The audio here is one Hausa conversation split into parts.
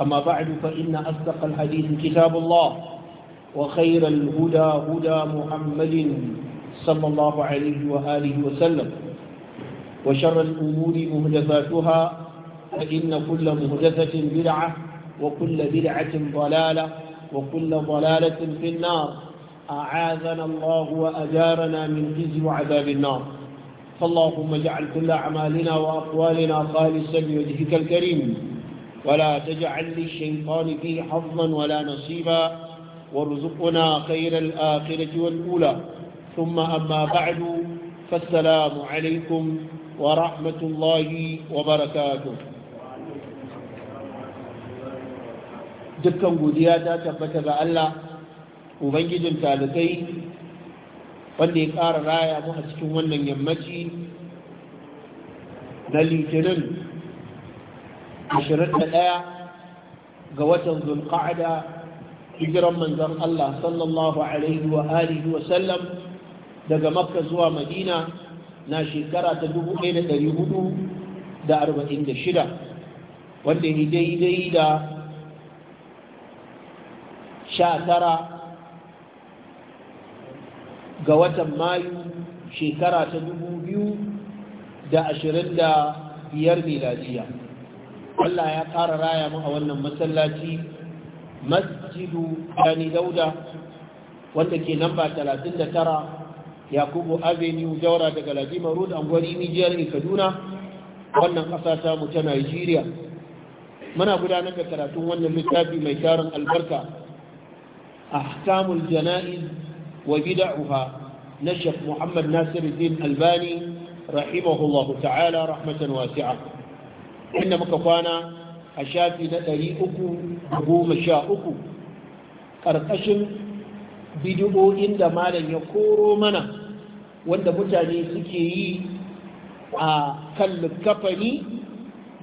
أما بعد فإن أصدق الحديث كتاب الله وخير الهدى هدى محمد صلى الله عليه وآله وسلم وشر الأمور مهدفاتها فإن كل مهدفة بدعة وكل بدعة ضلالة وكل ضلالة في النار أعاذنا الله وأجارنا من جزي وعذاب النار فاللهم اجعل كل أعمالنا وأقوالنا خالصا لوجهك الكريم ولا تجعل للشيطان فيه حظا ولا نصيبا وارزقنا خير الآخرة والأولى ثم أما بعد فالسلام عليكم ورحمة الله وبركاته dukkan godiya ta tabbata ga Allah ubangijin talibai wanda ya ƙara raya mu a cikin wannan yammaci na litinin 21 ga watan zulqa'ada hijiran manzon Allah sallallahu alaihi wa alihi wa sallam daga makka zuwa madina na shekara ta 1446 wanda ya dai-dai da 19 ga watan mayu shekara ta 2025 miladiya Allah ya ƙara raya mu a wannan masallaci masjidu Dani Dauda wanda ke namba 39 Yakubu Avenue Jaura daga Lajima Road Angwari Nijiyar Kaduna wannan ƙasa ta mu ta Najeriya muna gudanar da karatun wannan littafi mai tarin albarka ahkamul jana'iz wa bid'uha na Sheikh Muhammad Nasiruddin Albani rahimahullahu ta'ala rahmatan wasi'a inda muka kwana a shafi na ɗari uku da goma sha uku ƙarƙashin bidiyoyin da malam ya koro mana wanda mutane suke yi a kan likafani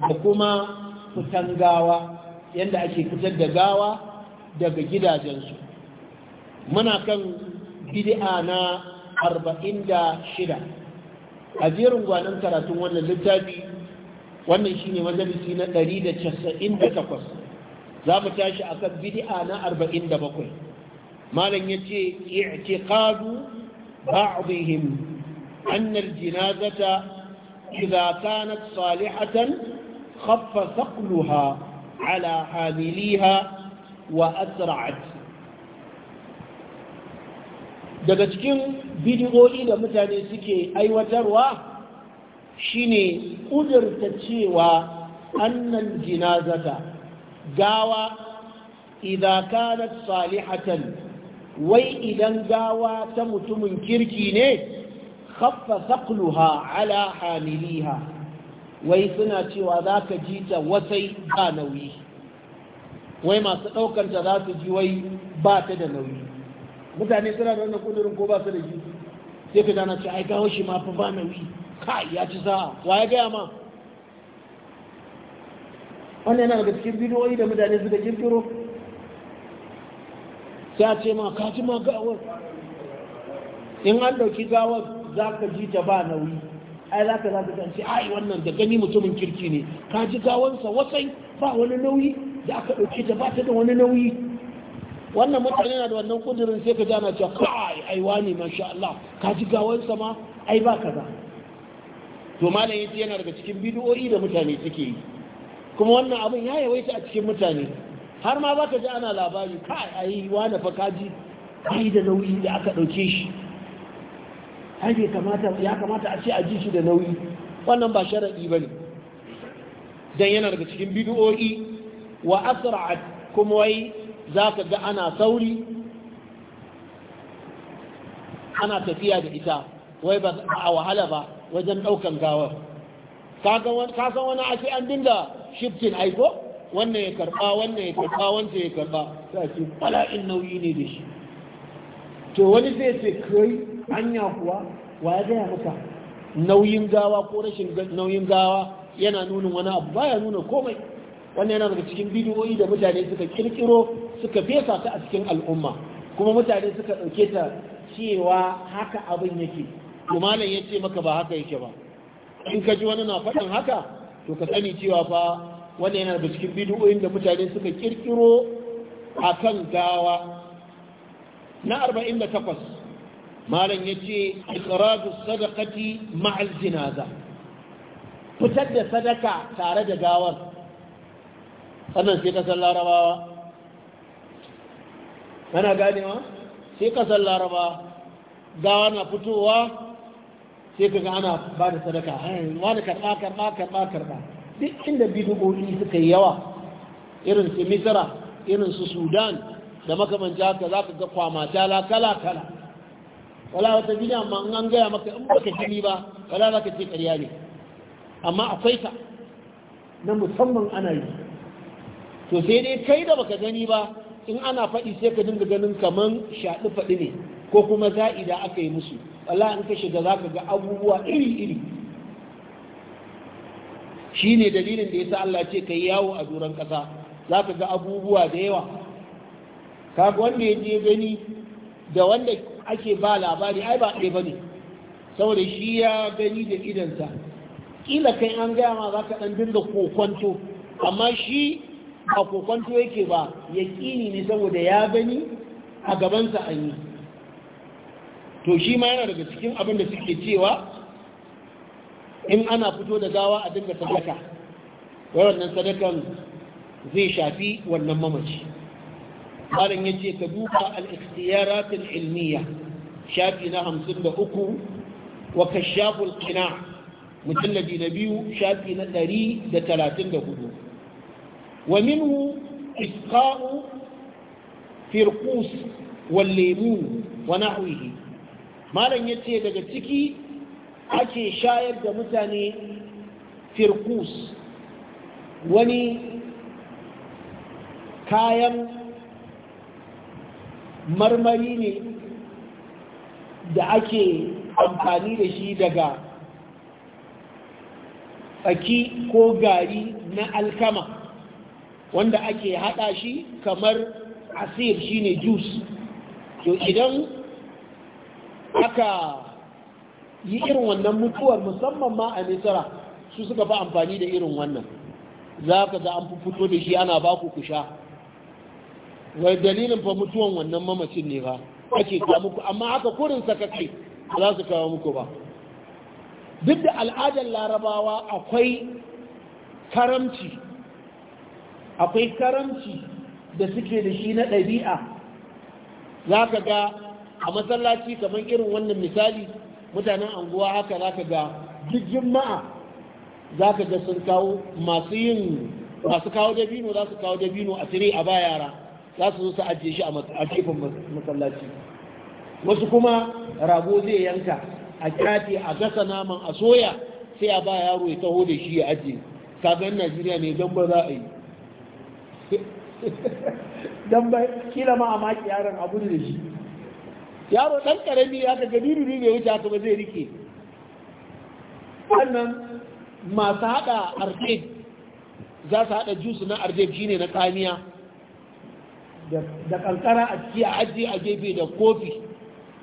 da kuma fitan gawa yadda ake fitar da gawa daga gidajensu muna kan Gidi'a na arba'in da shida a jerin gwanon karatun wannan littafi wannan shine majalisi na 198 za mu tashi akan bidi'a na 47 malam yace i'tiqadu ba'dihim anna al-janazata idha kanat salihatan khaffa thaqluha ala hamiliha wa asra'at daga cikin bidi'o'i da mutane suke aiwatarwa shine ƙudurta cewa annan jinazata gawa idan kanat salihatan wai idan gawa ta mutumin kirki ne khaffa saqluha ala hamiliha wai suna cewa za ka ji ta wasai ba nauyi wai masu ɗaukanta za su ji wai ba ta da nauyi mutane suna da wannan kudurin ko ba su da ji sai ka dana ce ai gawo shi ma fa ba nauyi kai ya ci sa'a wa ya gaya ma wannan yana daga cikin bidiyoyi da mutane suka kirkiro sai a ce ma ka ji ma gawar in an ɗauki gawar za ka ji ta ba nauyi ai za ka za ka ce ai wannan da gani mutumin kirki ne ka ji gawansa wasai ba wani nauyi da aka ɗauki ta ba ta da wani nauyi wannan mutane na da wannan kudirin sai ka ji ana cewa kai ai wani masha Allah ka ji gawansa ma ai ba kaza to malam yace yana daga cikin bid'o'i da mutane suke yi kuma wannan abun ya yawaita a cikin mutane har ma baka ji ana labari kai ai wani fa kaji ai da nauyi da aka dauke shi ai ya kamata ya kamata a ce a ji shi da nauyi wannan ba sharadi bane dan yana daga cikin bid'o'i wa asra'at kuma wai zaka ga ana sauri ana tafiya da ita wai ba a wahala ba wajen ɗaukan gawar ka san wani ake an dinga shiftin aiko wannan ya karɓa wannan ya karɓa wancan ya karɓa ta ce bala'in nauyi ne da shi to wani zai ce kai hanya kuwa wa ya gaya maka nauyin gawa ko rashin nauyin gawa yana nuna wani abu baya nuna komai wannan yana daga cikin bidiyoyi da mutane suka kirkiro suka fesa ta a cikin al'umma kuma mutane suka ɗauke ta cewa haka abin yake to malam ya ce maka ba haka yake ba in ka ji wani na faɗin haka to ka sani cewa fa wannan yana da cikin bidiyoyin da mutane suka kirkiro a kan gawa na arba'in da takwas malam ya ce ikiraju sadakati ma'al jinaza fitar da sadaka tare da gawar sannan sai kasar larabawa ana ganewa sai kasar larabawa gawa na fitowa sai kaga ana ba da sadaka wani karɓa karɓa karɓa karɓa duk inda bidiyoyi suka yi yawa irin su Misira, irin su sudan da makamanci haka za ka ga la kala kala wala wata gina amma an gaya maka in baka gini ba wala za ka ce ƙarya ne amma akwai ta na musamman ana yi to sai dai kai da baka gani ba in ana faɗi sai ka dinga ganin kaman shaɗi faɗi ne ko kuma za'ida aka yi musu wala in ka shiga za ga abubuwa iri-iri shi ne dalilin da ya sa Allah ce ka yi yawo a duran ƙasa za ka ga abubuwa da yawa kaga wanda ya je gani da wanda ake ba labari ai ba ɗaya ba ne saboda shi ya gani da idansa ƙila kai an gaya ma za ka ɗan dinga kokonto amma shi a kokonto yake ba ya ne saboda ya gani a gabansa an yi to shi ma yana daga cikin abin da suke cewa in ana fito da gawa a dinga sadaka wannan sadakan zai shafi wannan mamaci malam ya ce ka duba al ilmiya shafi na hamsin da uku wa kashaful Mutum da na biyu shafi na ɗari da talatin da hudu wa minhu isqa'u firqus wal limun wa nahwihi malam ya ce daga ciki ake shayar da mutane firkus wani kayan marmari ne da ake amfani da shi daga tsaki ko gari na alkama wanda ake hada shi kamar asir shine juice to idan aka yi irin wannan mutuwar musamman ma a misira su suka fi amfani da irin wannan za ka ga an fito da shi ana baku ku sha wai dalilin fa mutuwan wannan mamacin ne ba ake kawo muku amma haka kurin sakakai ba za su kawo muku ba duk da al'adar larabawa akwai karamci akwai karamci da suke da shi na ɗabi'a za ka ga a masallaci kamar irin wannan misali mutanen anguwa haka za ka ga duk jima'a za ka ga sun kawo masu yin masu kawo dabino za su kawo dabino a tire a ba yara za su zo su ajiye shi a gefen masallaci wasu kuma rago zai yanka a kyati a gasa naman a soya sai a ba yaro ya taho da shi ya ajiye kagan najeriya ne don ba za a yi don ba kila ma a maki yaron abu da shi yaro ɗan ƙarami ya ka gabiru ne wuce haka ba zai rike wannan masu haɗa arcade za su haɗa jus na shi shine na kamiya da ƙanƙara a ciki a ajiye a gefe da kofi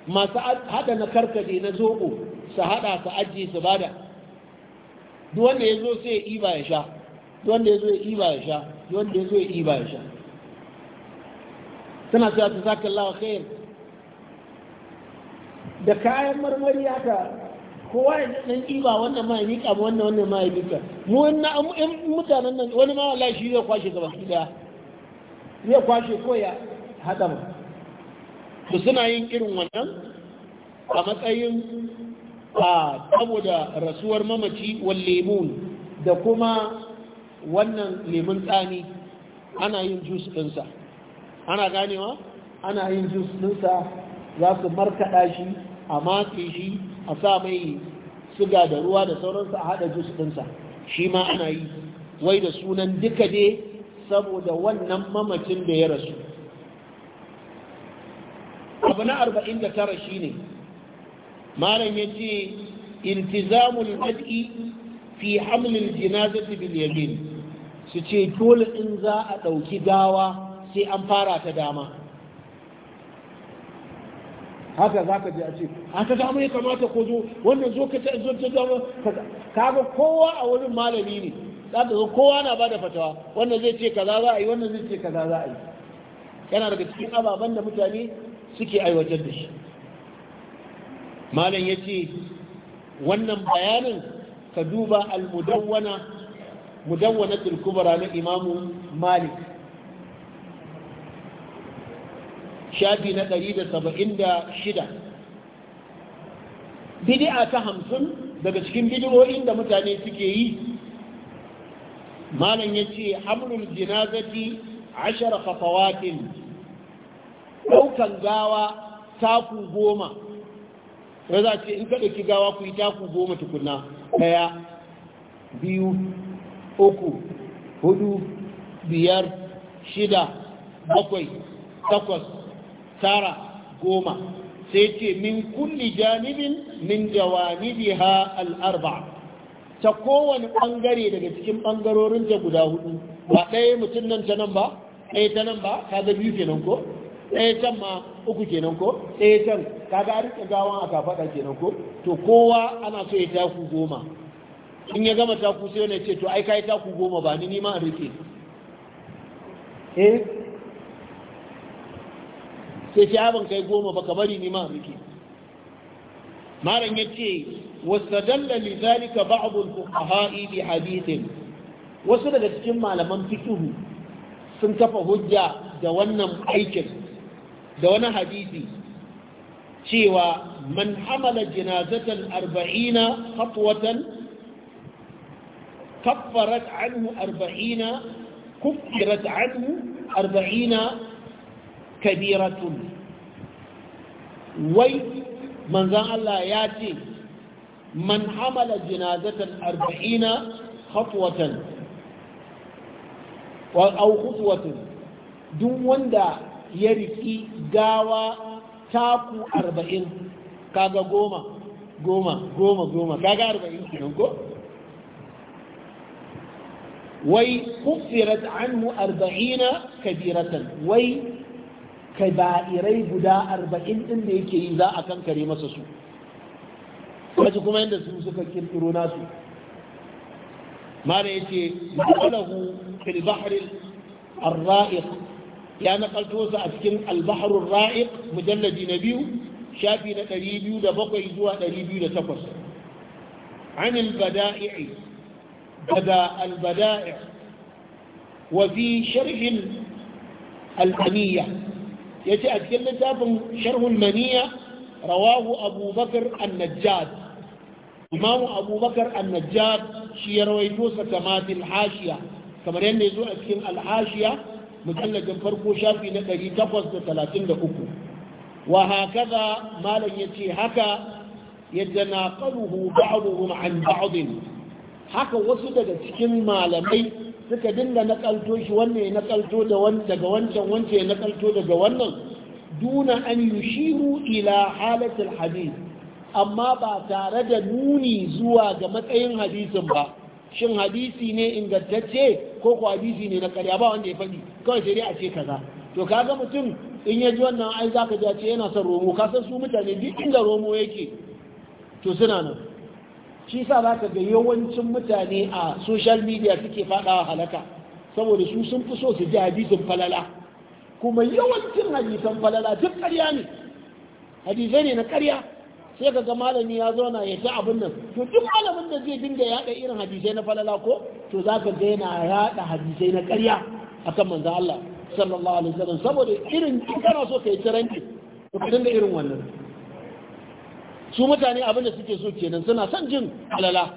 masu haɗa na karkade na zoɓo su haɗa su ajiye su bada duk wanda ya zo sai ya iba ya sha duk wanda ya zo ya iba ya sha duk wanda ya zo ya iba ya sha suna cewa ta sa kallawa khair da kayan marmari haka kowa ya dan iba wannan ma ya ba wannan wannan ma ya mu wannan mutanen nan wani ma wallahi shi zai kwashe gaba ɗaya zai kwashe ko ya haɗa to suna yin irin wannan a matsayin a saboda rasuwar mamaci wal lemun da kuma wannan lemun tsami ana yin jus sa. ana ganewa ana yin jus sa za su markaɗa shi a matse shi a sa mai suga da ruwa da sauransu a haɗa jus ɗinsa shi ma ana yi wai da sunan duka dai saboda wannan mamacin da ya rasu abu na arba'in da tara shi ne malam ya ce iltizamul mad'i fi hamlin jinazati bil yamin su ce dole in za a ɗauki gawa sai an fara ta dama haka za ka je a ce a ah, ta dama ya kamata ko zo wannan zo ka ta zo ta dama ka ga kowa a wurin malami ne za zo kowa na bada fatawa wannan zai ce kaza za a yi wannan zai ce kaza za a yi yana daga cikin ababen da mutane suke aiwatar da shi malam ya ce wannan bayanin ka duba al-mudawwana mudawwanatul kubra na imamu malik shafi na da shida. Bidi'a ta hamsin daga cikin bidiyoyin da mutane suke yi malam ya ce hamlul jinazati ashara fafawatin ɗaukan gawa taku goma ya ce in ka ɗauki gawa ku yi taku goma tukuna ɗaya biyu uku hudu biyar shida bakwai takwas tara goma sai ce min kulli janibin min jawanibiha al'arba ta kowane bangare daga cikin bangarorin ta guda hudu ba ɗaya mutum nan ta nan ba ɗaya ta nan ba ga biyu kenan ko ɗaya can ma uku kenan ko ɗaya can ga a riƙe gawan a kafaɗa kenan ko to kowa ana so ya taku goma in ya gama taku sai wani ce to ai ka yi taku goma ba ni nima a riƙe eh? sai ce abin ah, kai goma baka bari ni ma rike malam yace wastadalla li zalika ba'd al-fuqaha bi hadithin wasu daga cikin malaman fikihu sun kafa hujja da wannan aikin da wani hadisi cewa man hamala jinazatan arba'ina khatwatan kaffarat anhu arba'ina kuffirat anhu arba'ina kabiratun wai manzan Allah ya ce man hamala jinazatan arba'ina khatwatan au khutwatan duk wanda ya riki gawa taku arba'in kaga goma goma goma goma kaga arba'in kenan ko wai kufirat anhu arba'ina kabiratan wai kaba'irai guda arba'in ɗin da yake yi za a kankare masa su wasu kuma yadda su suka kirkiro nasu mara yake ma'alahu fil bahril arra'iq ya nakalto su a cikin albaharul ra'iq mujalladi na biyu shafi na 207 zuwa 208 عن daga بدا البدائع wafi sharhin al'aniyya ya ce a cikin littafin sharhul maniya rawahu abubakar annajjad imamu abubakar annajjad shi ya rawaito sa kamatin hashiya kamar yadda ya zo a cikin alhashiya mujallajin farko shafi na 833 wa hakaza malam ya ce haka yadda na ƙaruhu ba'aruhum ba'adin haka wasu daga cikin malamai suka dinga nakalto shi wannan ya nakalto daga wancan wancan ya nakalto daga wannan duna an shiru ila halatul hadith amma ba tare da nuni zuwa ga matsayin hadisin ba shin hadisi ne ingantacce ko ko hadisi ne na karya ba wanda ya faɗi kawai sai dai a ce kaza to kaga mutum in ya ji wannan ai zaka ji ce yana son romo ka san su mutane duk inda romo yake to suna nan shi sa za ka ga yawancin mutane a social media suke faɗawa halaka saboda su sun fi so su ji hadisin falala kuma yawancin hadisan falala duk ƙarya ne hadisai ne na ƙarya sai ka ga malami ya zauna ya ta abin nan to duk malamin da zai dinga yaɗa irin hadisai na falala ko to za ka ga yana yaɗa hadisai na ƙarya akan manzo Allah sallallahu alaihi wasallam saboda irin kana so kai tiranci to ka dinga irin wannan su mutane abin da suke so kenan suna son jin falala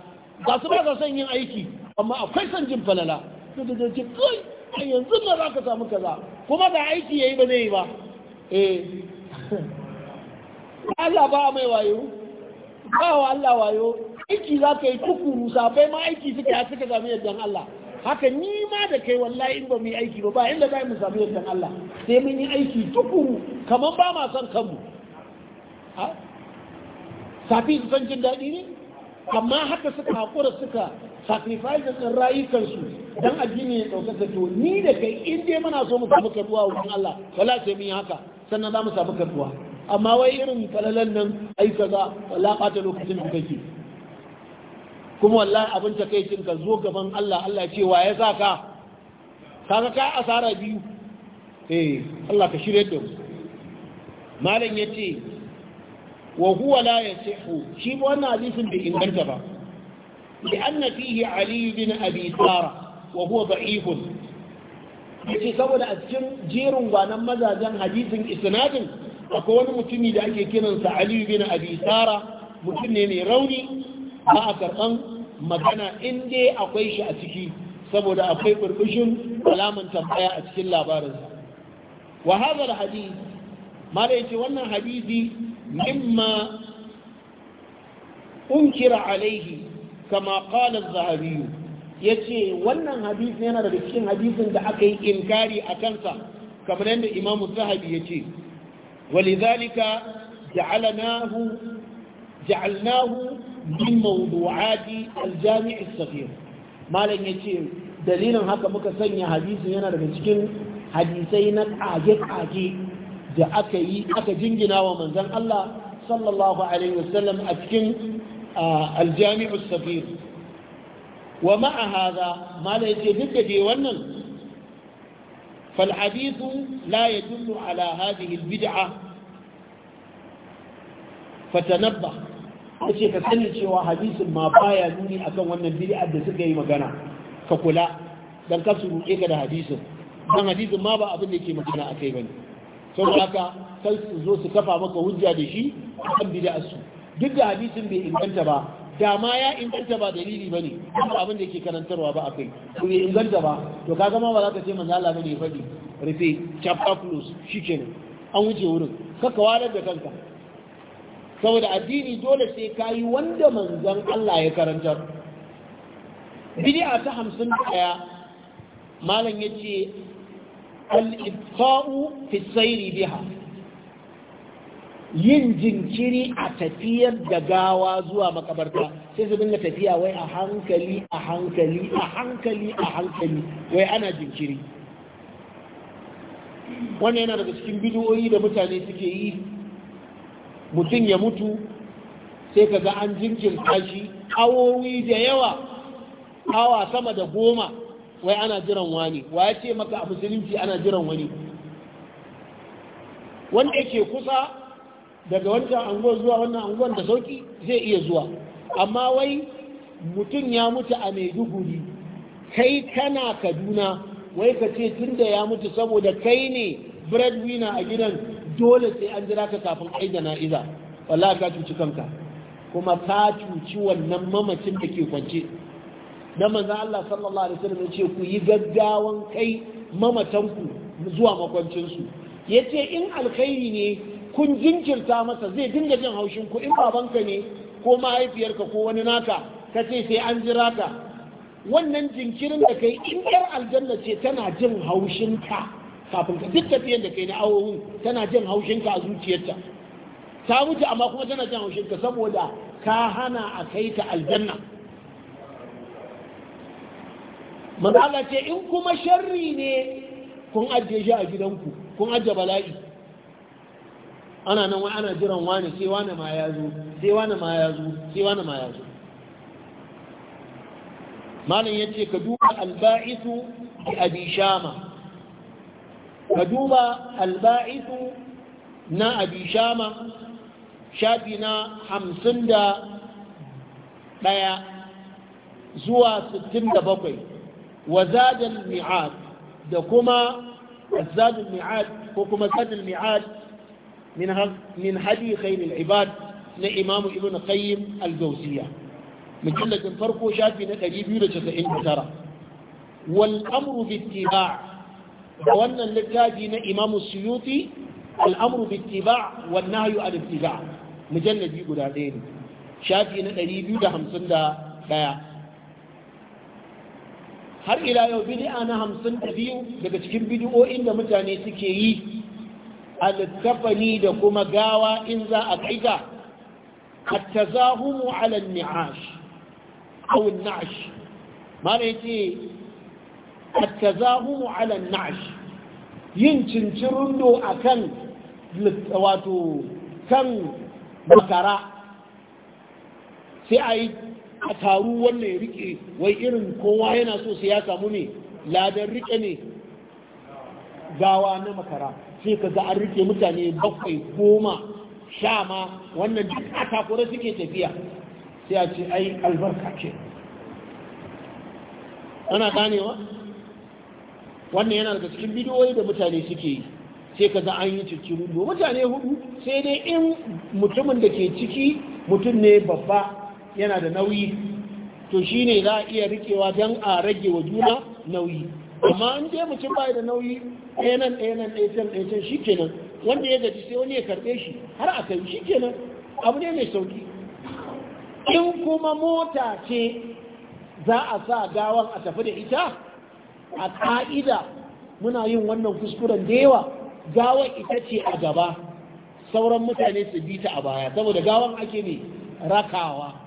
ga su ba son yin aiki amma akwai son jin falala to da ce kai yanzu na za ka samu kaza kuma ga aiki yayi ba zai yi ba eh Allah ba mai wayo ba wa Allah wayo aiki za ka yi tukuru safai ma aiki suke ya suka sami yardan Allah haka ni ma da kai wallahi in ba mu yi aiki ba ba inda za mu sami yadda Allah sai mun yi aiki tukuru kamar ba ma son kanmu safi su san jin daɗi ne amma haka suka haƙura suka sacrifice ɗin rayukansu don addini ya ɗaukaka to ni da kai in dai muna so mu samu karɓuwa wa Allah wala sai mun yi haka sannan za mu samu karɓuwa amma wai irin falalan nan ai kaza wala ɓata lokacin da kake kuma wallahi abin ta kai ka zo gaban Allah Allah ce wa ya sa kaga kai asara biyu eh Allah ka shirye da mu malam yace wa huwa la yasihu shi wannan hadisin bai inganta ba li anna fihi ali bin abi sara wa huwa da'if yace saboda a cikin jerin gwanan mazajen hadisin isnadin akwai wani mutumi da ake kiransa ali bin abi tara mutum ne mai rauni ba a karɓan magana in dai akwai shi a ciki saboda akwai burbushin alaman tambaya a cikin labarinsa wa hadha al hadith mala yace wannan hadisi مما أنكر عليه كما قال الذهبي yace wannan hadisi yana daga cikin hadisin da aka yi inkari a kansa kamar yadda Imam Zahabi yace walizalika ja'alnahu ja'alnahu min mawdu'ati al as-saghir malam yace dalilin haka muka sanya hadisin yana daga cikin hadisai na kage kage da aka yi aka jingina wa manzon Allah sallallahu alaihi wasallam a cikin aljami'u safir wa ma'a hadha mala yace duk da wannan fal hadithu la yadullu ala hadhihi al bid'ah fatanabba yace ka sani cewa hadisin ma baya nuni akan wannan bid'ah da suka yi magana ka kula dan ka su ruke ka da hadisin dan hadisin ma ba abin da yake magana akai bane saboda haka sai su zo su kafa maka hujja da shi kan bid'arsu duk da hadisin bai inganta ba da ma ya inganta ba dalili bane kuma abin da yake karantarwa ba akai to bai inganta ba to kaga ma ba za ka ce manzo Allah bane fadi rufe chapter close shikenan an wuce wurin kaka walar da kanka saboda addini dole sai kayi wanda manzon Allah ya karantar bid'a ta 51 malam yace al fi tsairi biha yin jinkiri a tafiyar da gawa zuwa makabarta sai su dinga tafiya wai a hankali a hankali a hankali a hankali wai ana jinkiri wannan yana daga cikin bidiyoyi da mutane suke yi mutum ya mutu sai ka ga an jinkirta shi awowi da yawa awa sama da goma wai ana jiran wani wa ya ce maka a musulunci ana jiran wani wanda yake kusa daga wancan anguwar zuwa wannan ango da sauki zai iya zuwa amma wai mutum ya mutu a maiduguri kai kana kaduna wai ka ce tun ya mutu saboda kai ne breadwinner a gidan dole sai an jira ka kafin na jana'iza wallahi ka cuci kanka kuma ka cuci wannan mamacin da ke kwance na manzan Allah sallallahu alaihi wasallam ce ku yi gaggawan kai mamatanku zuwa makwancinsu ya ce in alkhairi ne kun jinkirta masa zai dinga jin haushin ku in babanka ne ko mahaifiyarka ko wani naka ka ce sai an jira ka wannan jinkirin da kai in yar aljanna ce tana jin haushin ka kafin ka duk tafiyan da kai na awowin tana jin haushin ka a zuciyarta ta wuce amma kuma tana jin haushin ka saboda ka hana a kai ta aljanna manzo Allah ce in kuma sharri ne kun ajiye shi a gidanku kun ajiye bala'i ana nan wani ana jiran wani sai wani ma ya zo sai wani ma ya zo sai wani ma ya zo malam yace ka duba alba'isu bi abi shama ka duba alba'isu na abi shama shafi na hamsin da ɗaya zuwa sittin da bakwai wa zadal mi'ad da kuma zadal mi'ad ko kuma zadal mi'ad min hadi khairul ibad na imamu ibn qayyim al-jawziya mujallajin farko shafi na 299 wal amru bi ittiba' da wannan littafi na imamu suyuti al amru bi ittiba' wan nahyu an ittiba' mujallaji guda ɗaya ne shafi na 251 har ila yau bidi'a na hamsin da biyu daga cikin bid'o'in da mutane suke yi A littafani da kuma gawa in za a kai ga at-tazahumu ala niash aw an-na'sh mana yace at-tazahumu ala an-na'sh yin cincirundo akan wato kan makara sai a yi a taru wannan ya rike wai irin kowa yana so sai ya samu ne ladan rike ne gawa na makara sai ka ga an rike mutane bakwai goma sha ma wannan duk a takura suke tafiya sai a ce ai albarka ce ana ganewa wannan yana daga cikin bidiyoyi da mutane suke yi sai ka za an yi cikin mutane hudu sai dai in mutumin da ke ciki mutum ne babba yana da nauyi to shine za a iya rikewa don a rage wa juna nauyi amma an je mutum bai da nauyi ɗaya nan ɗaya nan ɗaya shi kenan wanda ya gaji sai wani ya karɓe shi har a kai shi kenan abu ne mai sauki in kuma mota ce za a sa gawan a tafi da ita a ka'ida muna yin wannan kuskuren da yawa gawan ita ce a gaba sauran mutane su bi ta a baya saboda gawan ake ne rakawa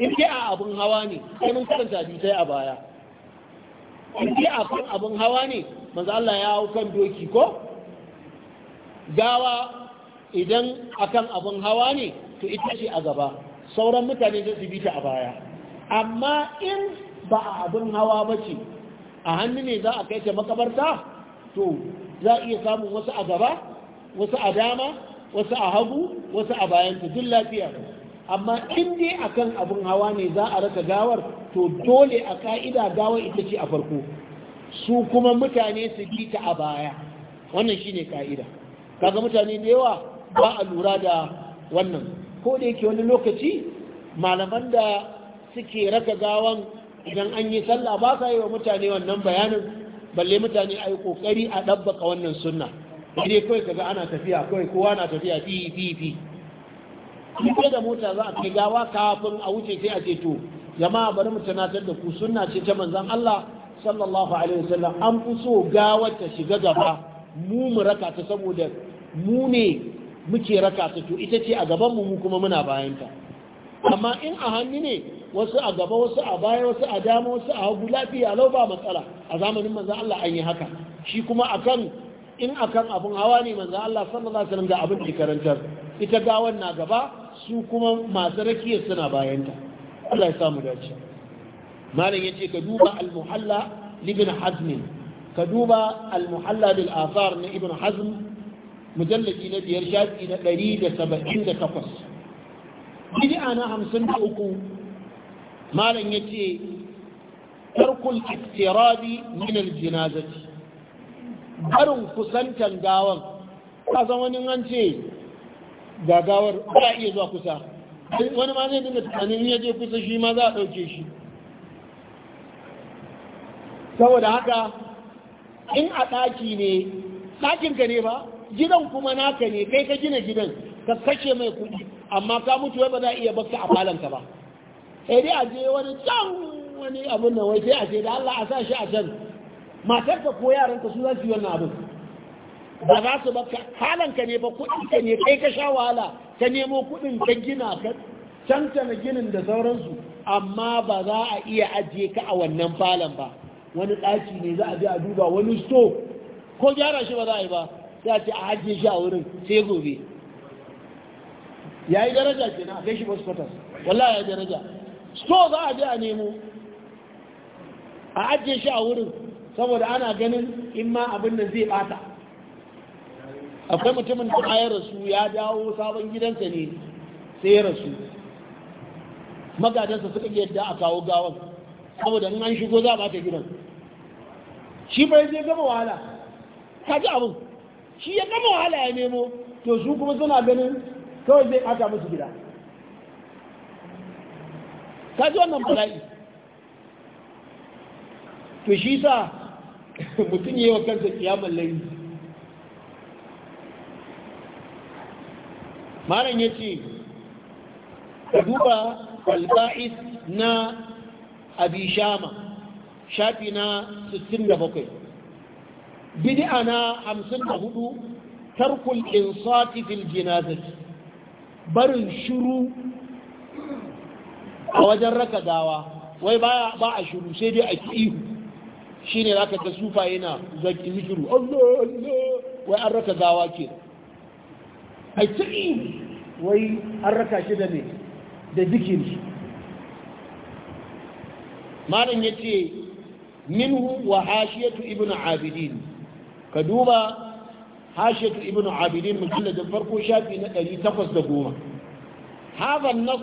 in dai a abin hawa ne sai mun karanta hadisai a baya in dai a kan abin hawa ne manzo Allah ya hau kan doki ko gawa idan akan abin hawa ne to ita ce a gaba sauran mutane zai su bi ta a baya amma in ba a abin hawa ba ce a hannu ne za a kai ta makabarta to za a iya samun wasu a gaba wasu a dama wasu a hagu wasu a bayan ta duk lafiya amma in dai akan abin hawa ne za a raka gawar to dole a ka'ida gawar ita ce a farko su kuma mutane su bi ta a baya wannan shine ka'ida kaga mutane da yawa ba a lura da wannan ko da yake wani lokaci malaman da suke raka gawan idan an yi sallah ba sa yi wa mutane wannan bayanin balle mutane a yi kokari a ɗabbaka wannan sunna dai kawai kaga ana tafiya kawai kowa na tafiya fi in da mota za a kai gawa kafin a wuce sai a ceto, jama'a bari mu tunatar da ku sunna ce ta manzon Allah sallallahu alaihi wasallam an fi so gawar ta shiga gaba mu mu raka ta saboda mu ne muke raka ta to ita ce a gaban mu mu kuma muna bayan ta amma in a hannu ne wasu a gaba wasu a baya wasu a dama wasu a hagu lafiya lau ba matsala a zamanin manzon Allah an yi haka shi kuma akan in akan abun hawa ne manzon Allah sallallahu alaihi wasallam da abin da karantar ita gawan na gaba su kuma masu rakiyar suna bayanta Allah ya samu dace malam yace ka duba al-muhalla ibn hazm ka duba al-muhalla bil athar na ibn hazm mujalladi na biyar shafi na 178 bid'a na 53 malam yace tarkul iktirabi min al-janazati barin kusantan gawan kasan wani an ce gagawar ba iya zuwa kusa wani ma zai dinga tunanin ya je kusa shi ma za a ɗauke shi saboda haka in a ɗaki ne ɗakinka ne ba gidan kuma naka ne kai ka gina gidan ka kashe mai kuɗi amma ka mutu wai ba za a iya baka a falonka ba sai dai a je wani can wani abin nan wai sai a ce da Allah a sa shi a can matarka ko yaranka su za su yi wannan abin ba za su baka halanka ne ba kuɗin ka ne kai ka sha wahala ka nemo kuɗin ka gina ka cancana ginin da sauransu amma ba za a iya ajiye ka a wannan falon ba wani ɗaci ne za a je a duba wani sto ko gyara shi ba za a yi ba sai a ce a ajiye shi a wurin sai gobe ya yi daraja ke na a kai shi su fatas wallah ya daraja sto za a je a nemo a ajiye shi a wurin saboda ana ganin in ma abin da zai bata akwai mutumin da ya rasu ya dawo sabon gidansa ne sai ya rasu magadansa suka yi yadda a kawo gawan saboda in an shigo za a bata gidan shi bai zai gama wahala ka ji abin shi ya gama wahala ya nemo to su kuma suna ganin kawai zai ɓata musu gida ka ji wannan bala'i to shi sa mutum yi wa kansa kiyamun laifi malam ya ce duba alba'is na abishama shafi na 67 bid'a na 54 tarkul insati fil jinazati barin shiru a wajen raka gawa wai ba a shiru sai dai a ki ihu shi ne zaka ga sufa yana zaki zikiru Allah Allah wai an raka gawa ke a ihu wai an raka shi da ne da zikiri malam ya ce minhu wa hashiyatu ibn abidin ka duba hashiyatu ibn abidin mujalladin farko shafi na 810 hadha an-nas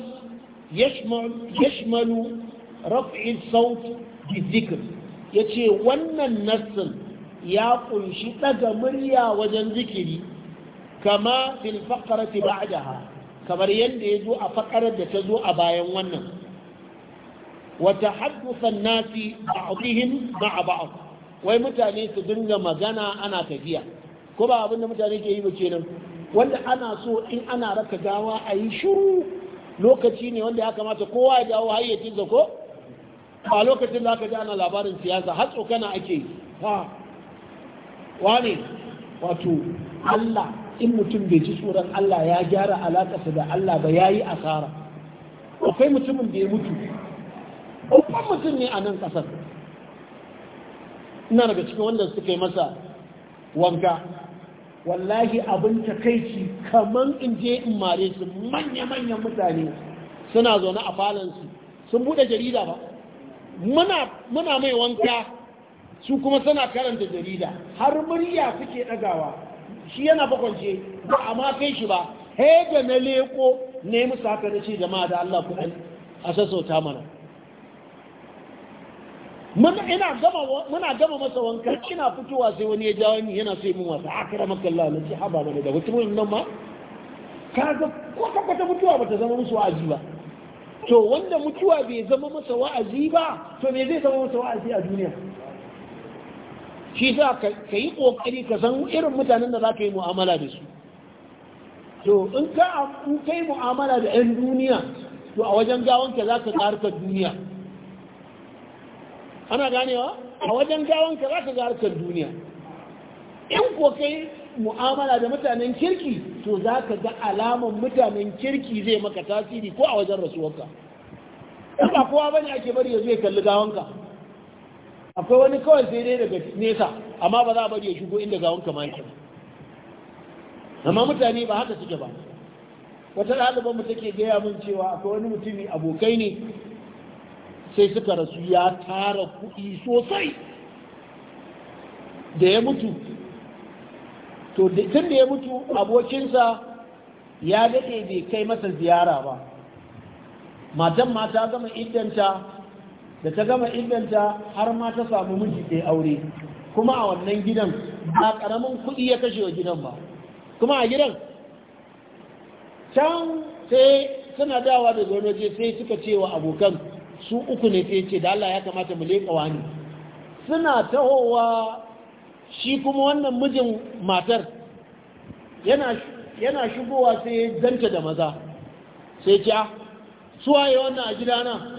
yashmal yashmalu raf'i sawt bi dhikr yace wannan nassin ya kunshi daga murya wajen zikiri kama fil faqarati ba'daha kamar yadda ya zo a fakarar da ta zo a bayan wannan wata tahaddathan nasi ba'dihim ma'a ba'd wai mutane su dinga magana ana tafiya ko ba abin da mutane ke yi ba kenan wanda ana so in ana raka gawa a yi shiru lokaci ne wanda ya kamata kowa ya dawo hayyacin cinza ko ba lokacin da aka ji ana labarin siyasa har tsokana ake yi wane wato Allah in mutum bai ji tsoron Allah ya gyara alakarsa da Allah ba yayi asara akwai mutumin da ya mutu babban mutum ne a nan ƙasar. ina daga cikin wanda suka yi masa wanka wallahi abin takaici kaman in je in mare su manya-manyan mutane suna zaune a falansu sun bude jarida ba muna mai wanka su kuma suna karanta jarida har murya suke ɗagawa shi yana bakwance ba a ma kai shi ba he da na leko ne musu haka na ce jama'a da Allah kuɗin a sassauta mana muna gama masa wanka ina fitowa sai wani ya jawo ni yana sai mun wasa kira makalla na ce haba mana da mutumin nan ma kaga kwata-kwata mutuwa ba ta zama musu wa'azi ba to wanda mutuwa bai zama masa wa'azi ba to me zai zama masa wa'azi a duniya shi za ka yi ƙoƙari ka san irin mutanen da za ka yi mu'amala da su to in ka yi mu'amala da 'yan duniya to a wajen gawanka za ka ƙarfa duniya ana ganewa a wajen gawanka za ka ƙarfa duniya in ko mu'amala da mutanen kirki to za ka ga alaman mutanen kirki zai maka tasiri ko a wajen rasuwarka ba kowa bane ake bari ya zai kalli gawanka akwai wani kawai sai dai daga nesa amma ba za a bari ya shigo inda gawon kamar amma mutane ba haka suke ba wata ɗaliban mu take gaya mun cewa akwai wani mutumi abokai ne sai suka rasu ya tara kuɗi sosai da ya mutu to tun da ya mutu abokinsa ya daɗe bai kai masa ziyara ba matan mata gama idanta da ta gama inganta har ma ta samu miji ta aure kuma a wannan gidan ba ƙaramin kuɗi ya kashe wa gidan ba kuma a gidan can sai suna dawa da waje sai suka ce wa abokan su uku ne sai ce da Allah ya kamata mu leƙa wani suna tahowa shi kuma wannan mijin matar yana shigowa sai zanta da maza sai ce ah, suwaye wannan a gidana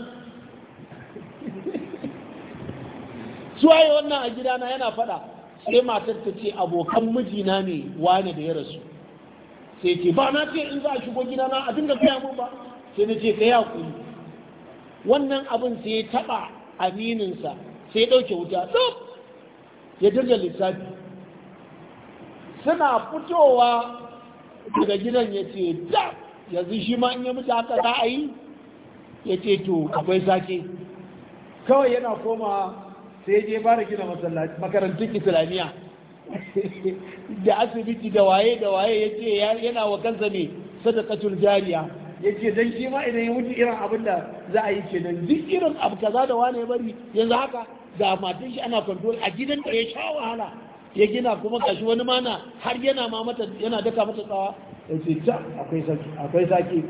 suwaye wannan a gidana yana faɗa sai matar ta ce abokan mijina ne wane da ya rasu sai ce ba na ce in za a shigo gidana a dinga gaya mun ba sai na ce ya hakuri wannan abin sai ya taɓa amininsa sai ya ɗauke wuta tsop ya dirga lissafi suna fitowa daga gidan ya ce da yanzu shi ma in ya mutu haka za a yi ya ce to akwai sake kawai yana koma sai je fara gina masallaci makarantun islamiyya da asibiti da waye da waye ya ce yana wa kansa ne sadaqatul jariya ya ce dan shi ma idan ya mutu irin abin da za a yi nan duk irin abu kaza da wani ya bari yanzu haka da matan shi ana control a gidan da ya sha wahala ya gina kuma kashi wani mana har yana ma mata yana daka mata tsawa ya ce akwai saki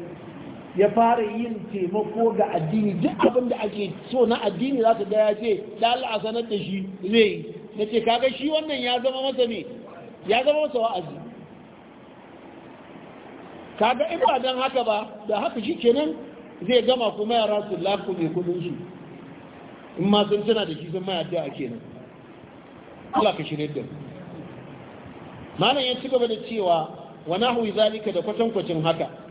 ya fara yin taimako ga addini duk abin da ake so na addini za su ga ya ce da Allah a sanar da shi zai yi na ce kaga shi wannan ya zama masa ne ya zama masa wa'azi kaga in ba don haka ba da haka shi kenan zai gama kuma ya rasu lafi mai kudin su in ma sun tana da shi sun mai addu'a kenan Allah ka shirye da malam ya ci gaba da cewa wa nahu zalika da kwatankwacin haka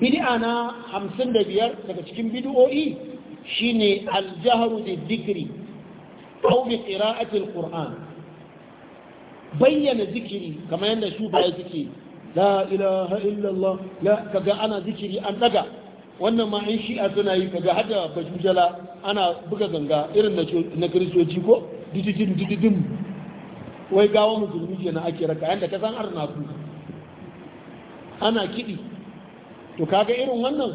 bidi'a na hamsin da biyar daga cikin shi shine aljaharu da zikiri ko bi qira'atil bayyana zikiri kamar yadda shi ba yake la ilaha illallah la kaga ana zikiri an daga wannan ma in shi'a suna yi kaga hada bajujala ana buga ganga irin na kiristoci ko dididin dididin wai gawa musulmi kenan ake raka yadda ka san arna ana kiɗi to kaga irin wannan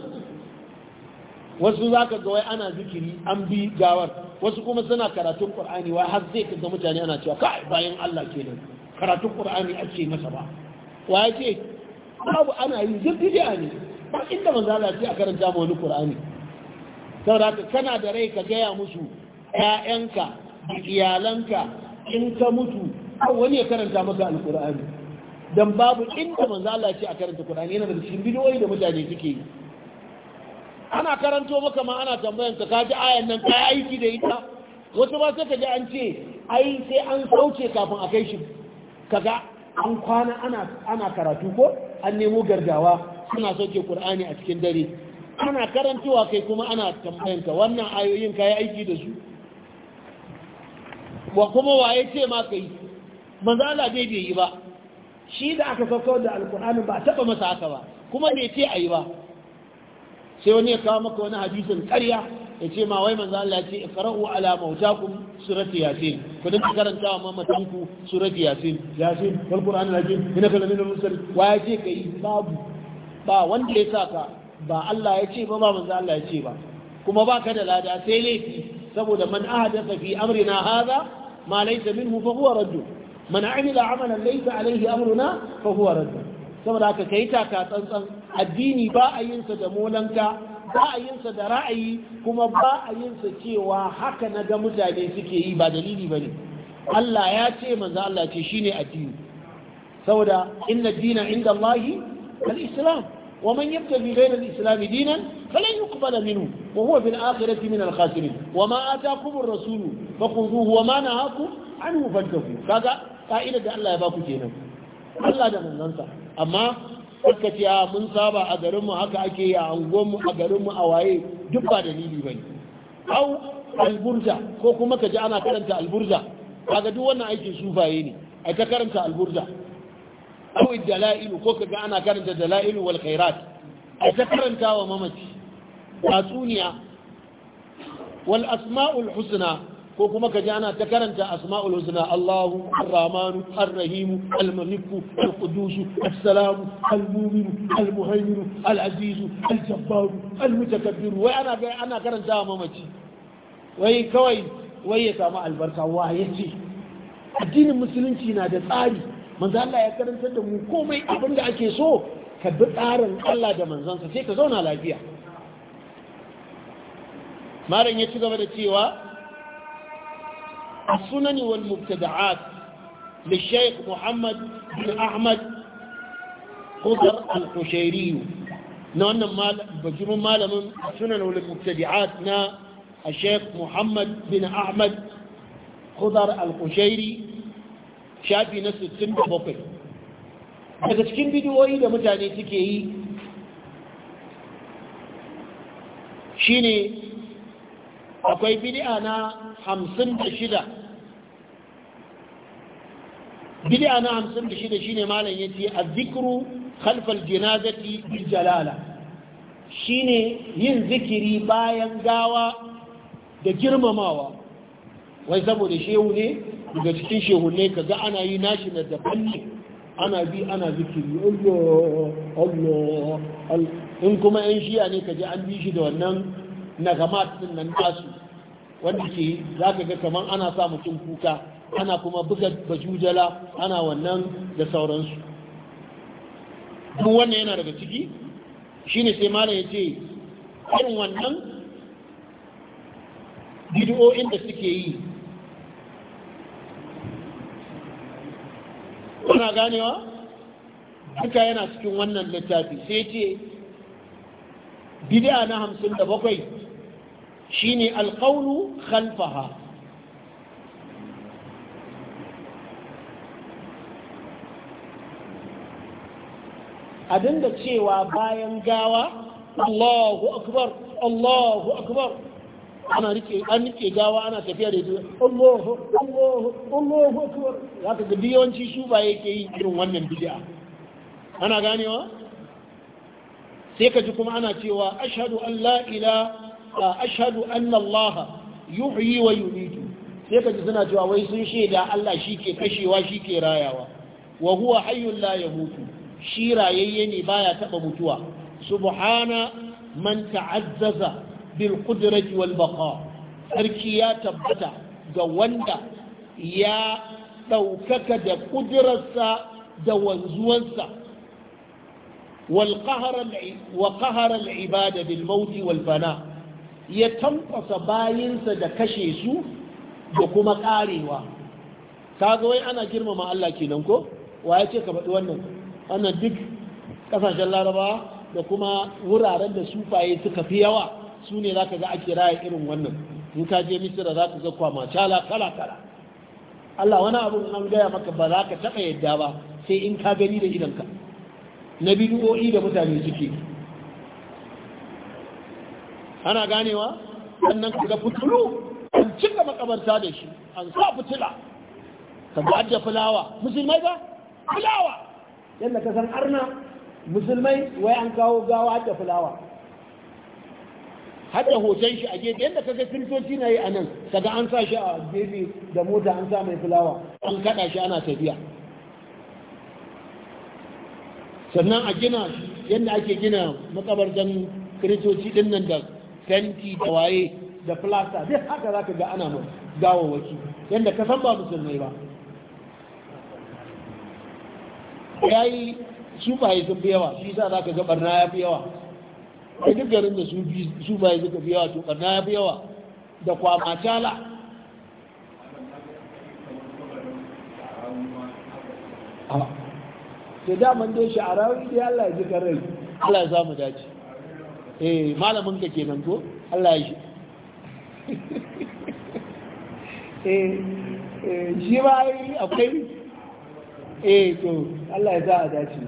wasu za ka ga wai ana zikiri an bi gawar wasu kuma suna karatun ƙur'ani wa har zai kaga mutane ana cewa kai bayan Allah kenan karatun ƙur'ani ake masa ba wa ya ce babu ana yi a ne ba inda manzo Allah ce a karanta ma wani ƙur'ani saboda kana da rai ka gaya musu 'ya'yanka, da iyalanka in ka mutu wani ya karanta maka alƙur'ani dan babu inda manzo Allah ce a karanta Qur'ani yana da cikin bidiyoyi da mutane suke yi ana karanto maka ma ana tambayan ka kaji ayan nan kai aiki da ita wasu ba sai kaji an ce ai sai an sauke kafin a kai shi kaga an kwana ana ana karatu ko an nemo gargawa suna sauke Qur'ani a cikin dare ana karantowa kai kuma ana tambayan ka wannan ayoyin kai aiki da su wa kuma waye ce ma kai manzo Allah bai yi ba shi da aka sauko da alkur'ani ba a taba masa haka ba kuma ne ce a yi ba sai wani ya kawo maka wani hadisin karya ya ce ma wai manzo Allah ce iqra'u ala mautakum surati yasin ku dinga karanta wa mamatan ku surati yasin yasin wal qur'anul hakim innaka laminal mursalin wa ya ce kai babu ba wanda ya saka ba Allah ya ce ba ba manzo Allah ya ce ba kuma ba ka da lada sai laifi saboda man ahadatha fi amrina hadha ma laysa minhu fa huwa raddu من عمل عملا ليس عليه امرنا فهو رد saboda haka kai taka tsantsan addini ba a yin sa da molanka ba a yin da ra'ayi kuma ba a yin sa cewa haka na ga mutane suke yi ba dalili ba ne Allah ya ce manza Allah ce shine addini saboda inna dina inda al-islam wa man yabtaghi ghayra al-islam dinan falan yuqbala minhu wa huwa fil akhirati min al-khasirin wa ma atakum ar-rasul fakhudhuhu wa ma nahakum anhu fadhu kaga ƙa'idar da Allah ya baku kenan Allah da manzansa amma suka ce mun saba a garinmu haka ake yi a anguwanmu a garinmu a waye duk ba dalili bane au alburza ko kuma ka ji ana karanta alburza kaga duk wannan aikin sufaye ne ai ta karanta alburza au dalailu ko kaga ana karanta dalailu wal khairat ai karanta wa mamaci tatsuniya wal asma'ul husna ko kuma ka ji ana ta karanta asma'ul husna Allahu ar-rahman ar-rahim al-malik al-qudus as-salam al-mu'min al-muhaymin al-aziz al-jabbar al-mutakabbir wai ana ga ana karanta mamaci wai kawai wai ya samu albarka wa yace addinin musulunci na da tsari manzo Allah ya karantar da mu komai abin da ake so ka bi tsarin Allah da manzansa sai ka zauna lafiya maran ya ci gaba da cewa السنن والمبتدعات للشيخ محمد بن أحمد خضر القشيري نوانا بجرم مالا من السنن والمبتدعات نا الشيخ محمد بن أحمد خضر القشيري شافي نفس السنة بقر daga cikin bidiyoyi da mutane suke yi shine akwai bidi'a na hamsin da shida bid'a na shi ne malam yace az-zikru khalf al-janazati bil jalala shine yin zikiri bayan gawa da girmamawa wai saboda shehu ne daga cikin shehunne, ne kaga ana yi nashi na daban ne ana bi ana zikiri Allah Allah in kuma yan shi'a ne kaji an bi shi da wannan nagamat din nan tasu. wanda ke zaka ga kaman ana sa mutum kuka ana kuma buga bajujala ana wannan da sauransu duk wannan yana daga ciki shine sai malam ya ce irin wannan bidiyoyin da suke yi kuna ganewa duka yana cikin wannan littafi sai ce bid'a na hamsin da bakwai shine alkaunu khalfaha a da cewa bayan gawa Allahu akbar Allahu akbar ana rike an rike gawa ana tafiya da ita Allahu Allahu Allahu akbar zaka ga su ba yake yi irin wannan bid'a ana ganewa sai ka ji kuma ana cewa ashhadu an la ilaha ashhadu anna Allah yuhyi wa yumiitu sai ka ji suna cewa wai sun shaida Allah shi ke kashewa shi ke rayawa wa huwa hayyul la yamutu shi rayayye ne baya taba mutuwa subhana man ta'azzaza bil qudrati wal baqa sarki ya tabbata ga wanda ya daukaka da kudirarsa da wanzuwansa wal qahara wa qahara al ibada bil maut wal fana ya tamfasa bayinsa da kashe su da kuma karewa kaga wai ana girmama Allah kenan ko wa ya ce ka faɗi wannan wannan duk kasashen laraba da kuma wuraren da sufaye suka fi yawa su ne za ka ga ake raya irin wannan in ka je misira za ka ga kwama cala kala kala Allah wani abun an gaya maka ba za ka taɓa yadda ba sai in ka gani da idanka na o'i da mutane suke ana ganewa sannan ka ga fitulu an cika makabarta da shi an sa fitila ka ga fulawa musulmai ba fulawa yadda ka san arna musulmai wai an kawo gawa da fulawa hada hoton shi a gefe yadda ga kiristoci na yi a nan kaga an sa shi a gefe da mota an sa mai fulawa an kada shi ana tafiya sannan a gina yadda ake gina makabartan kiristoci din nan da fenti da waye da filasta duk haka za ka ga ana mai gawawaki yadda ka san ba musulmai ba ya yi sufaye sun fi yawa shi sa za ka ga barna ya fi yawa a duk garin da sufaye suka fi yawa to barna ya fi yawa da kwamacala da ah. daman dai sha'arawi dai Allah ya zika rai Allah ya samu dace eh malamin ka kenan ko Allah ya shi eh, eh shi ba akwai eh to Allah ya sa a dace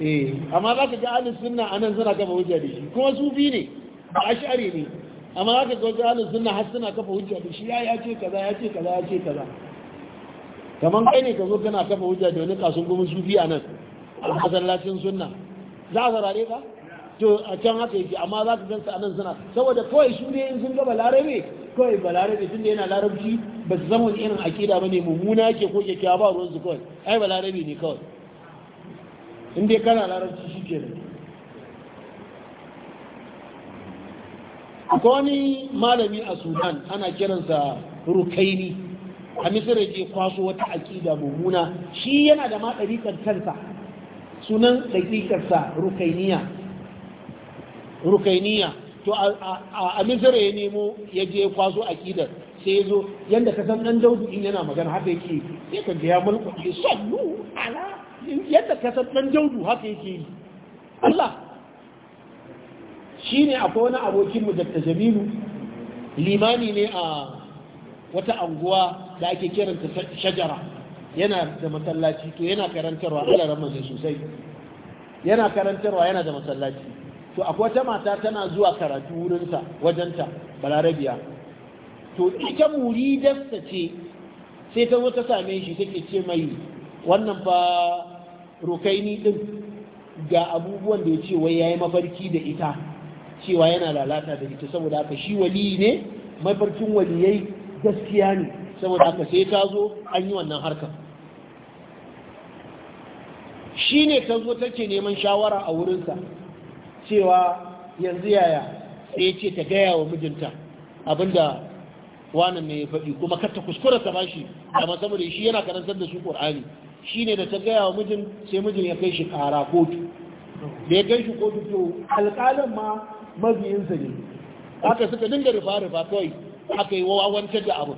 eh amma za ka ga ahlus sunna anan suna kafa hujja da shi kuma sufi ne ba ash'ari ne amma za ka ga wasu sunna har suna kafa hujja da shi ya ya ce kaza ya ce kaza ya ce kaza kaman kai ne ka zo kana kafa hujja da wani kasun gumin sufi anan a masallacin sunna za ka rare ka to a can haka yake amma za ka gansa anan suna saboda kawai shi ne in sun ga larabe kawai larabe tun da yana larabci ba su zama irin akida ba ne mummuna ke ko kyakkyawa ba ruwansu kawai ai ba larabi ne kawai in dai kana larabci shi ke nan akwai wani malami a sudan ana kiransa rukaini a misir ke kwaso wata akida mummuna shi yana da ma kansa sunan ɗariƙarsa rukainiya rukainiya to a misir ya nemo ya je kwaso akidar sai zo yanda ka san ɗan daudu in yana magana haka yake sai ka ga ya mulkuɗe sallu ala yadda ka san ɗan daudu haka yake yi Allah ne akwai wani abokin mu Dr. Jamilu limani ne a wata anguwa da ake kiranta shajara yana da masallaci to yana karantarwa Allah rahmansa sosai yana karantarwa yana da masallaci to akwai wata mata tana zuwa karatu wurinsa wajenta balarabiya to ita muridarsa ce sai ta zo ta same shi take ce mai wannan ba rukaini din ga abubuwan da ya ce wai ya yi mafarki da ita cewa yana lalata da ita saboda haka shi wali ne mafarkin waliyai gaskiya ne saboda haka sai ta zo an yi wannan harkar shi ne ta zo take neman shawara a wurinsa cewa yanzu yaya sai ce ta gaya wa mijinta abinda wannan ne ya faɗi kuma kar ta kuskura ta bashi amma saboda shi yana karantar da su Qur'ani shine da ta gaya wa mijin sai mijin ya kai shi kara kotu da ya kai shi kotu to alƙalin ma mabiyinsa ne aka suka dinga rufa rufa kawai aka yi wawancar da abu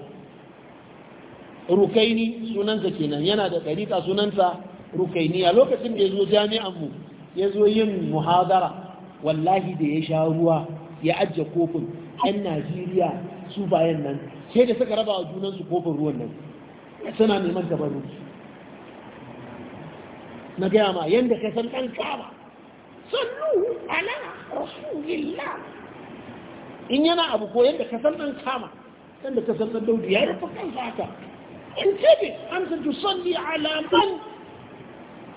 rukaini sunansa kenan yana da ɗarika sunansa rukaini a lokacin da ya zo jami'an mu ya zo yin muhadara wallahi da ya sha ruwa ya ajiye kofin 'yan najeriya su bayan nan sai da suka raba wa junansu kofin ruwan nan suna neman tabarun na gaya ma yadda ka san ɗan kama sallu ala rasulillah in yana abu ko yadda ka san ɗan kama yadda ka san ɗan daudi ya rufe kan haka in ce tebe an san tusalli ala man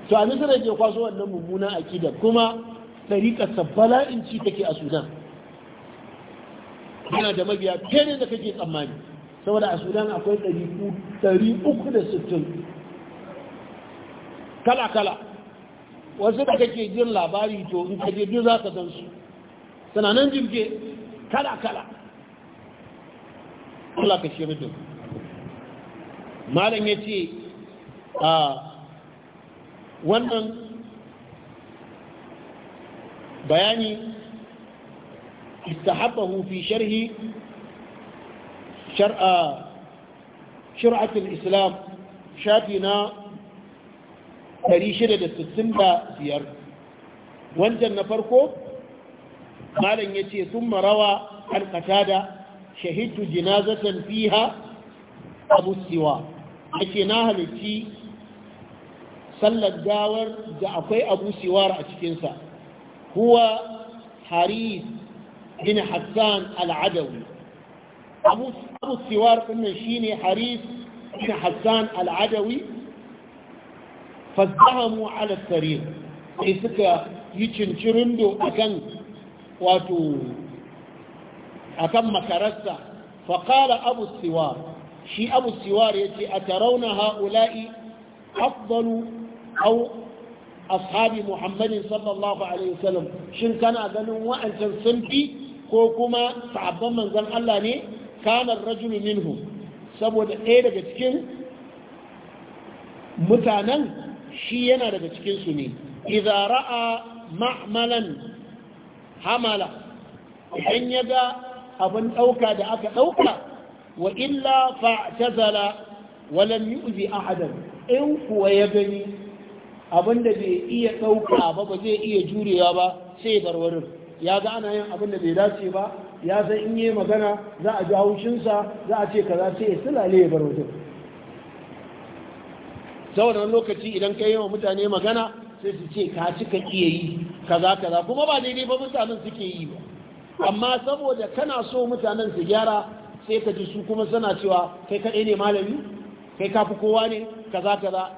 to a nasarar je kwaso wannan mummuna akida kuma ɗariƙarsa bala'in ci take a sudan yana da mabiya fere da kake tsammani saboda a sudan akwai 360 kala-kala wasu da kake jin labari to in kaje duk za ka san su sananan jirge kala-kala kula ka shi duk malam ya ce a ah, wannan bayani استحبه في شرح شرع شرعة الإسلام شافنا تريشد السنة سير وانجا نفركو قال يتي ثم روى عن قتادة شهدت جنازة فيها أبو السوا يتي ناهل التي صلى الداور جعفي أبو سوار أشكنسا هو حريث bin Hassan al-Adawi Abu Siwar din shine Harif bin Hassan al-Adawi fazzahamu ala sarir sai suka yi cincirin do akan wato akan makararsa faqala Abu Siwar shi Abu Siwar yace atarawna haula'i afdalu aw ashabi muhammadin sallallahu alaihi wasallam shin kana ganin wa'ancan sun fi ko kuma sahabban manzan Allah ne kanar rajulu minhu saboda ɗaya daga cikin mutanen shi yana daga cikinsu ne iza ra'a ma'malan hamala idan ya ga abin ɗauka da aka ɗauka wa illa fa'tazala walam yu'zi ahadan in kuwa ya gani da bai iya ɗauka ba ba zai iya jurewa ba sai bar wurin ya ga ana yin abin da bai dace ba ya san in yi magana za a ji haushinsa za a ce kaza sai ya silale ya bar wajen saboda wani lokaci idan ka yi wa mutane magana sai su ce ka cika iya yi kaza kaza kuma ba daidai ba mutanen suke yi ba amma saboda kana so mutanen su gyara sai ka ji su kuma suna cewa kai kaɗai ne malami kai kafi kowa ne kaza kaza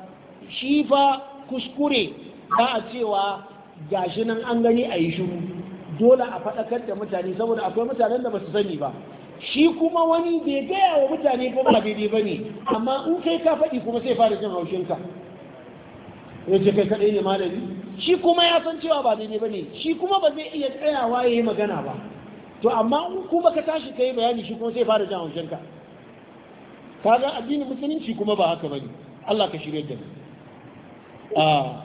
shi fa kuskure ba a cewa gashi nan an gani a yi shiru dole a faɗakar da mutane saboda akwai mutanen da ba su sani ba shi kuma wani bai gaya wa mutane ko ba daidai ba ne amma in kai ka faɗi kuma sai fara jin haushinka ya ce kai kaɗai ne malami shi kuma ya san cewa ba daidai ba ne shi kuma ba zai iya tsayawa ya yi magana ba to amma in kuma ka tashi ka yi bayani shi kuma sai fara jin haushinka ka ga addinin musulunci kuma ba haka ba ne Allah ka shirya da ah,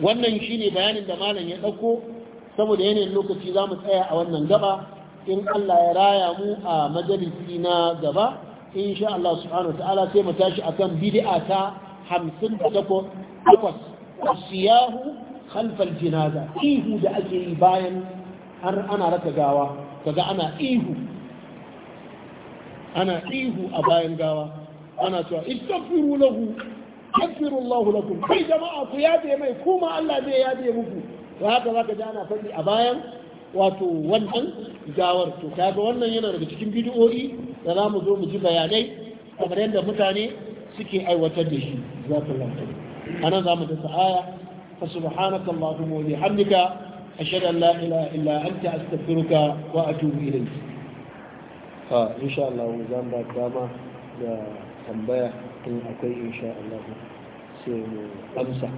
wannan shine bayanin da malam ya ɗauko saboda yanayin lokaci za mu tsaya a wannan gaba in Allah ya raya mu a majalisi na gaba in sha Allah subhanahu wa ta'ala sai mu tashi akan bid'a ta 58 siyahu khalfal jinaza ihu da ake yi bayan har ana raka gawa kaga ana ihu ana ihu a bayan gawa ana cewa istaghfiru lahu yaghfirullahu lakum kai jama'a ku yabe mai kuma Allah zai yabe muku to haka zaka ji ana faɗi a bayan wato wannan gawar to kaga wannan yana daga cikin bidiyoyi da za mu zo mu ji bayanai kamar yadda mutane suke aiwatar da shi za ku lantarki. a nan za mu dasa aya fa subhanaka allahumma wa bihamdika ashhadu an la ilaha illa anta astaghfiruka wa atubu ilayk ha insha Allah zan ba dama da tambaya in akwai insha Allah sai mu amsa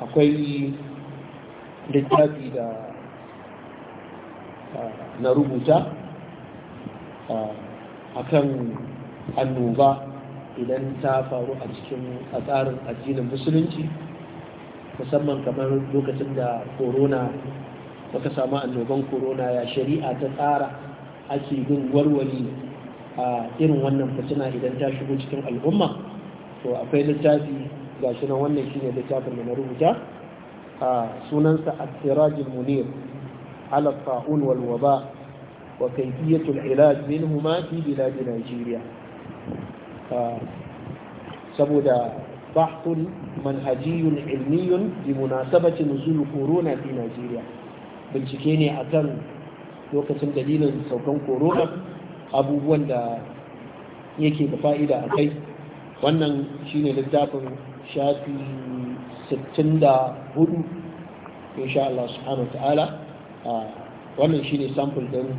akwai littafi da ah, na rubuta a ah, kan annoba idan ta faru a cikin a tsarin addinin musulunci musamman kamar lokacin da korona baka samu annoban korona ya shari'a ta tsara ake bin warware a ah, irin wannan fitina idan ta shigo cikin al'umma to akwai littafi ga na wannan shine littafin da na rubuta sunansa al-siraj al-munir ala taun wal waba wa kayfiyatul ilaj minhuma fi bilad Najeriya saboda bahtun manhajiyun ilmiyun bi munasabati nuzul corona fi Najeriya bincike ne akan lokacin dalilin saukan corona abubuwan da yake da fa'ida a kai wannan shine littafin shafi 64 insha Allah subhanahu ta'ala wannan shi ne sample din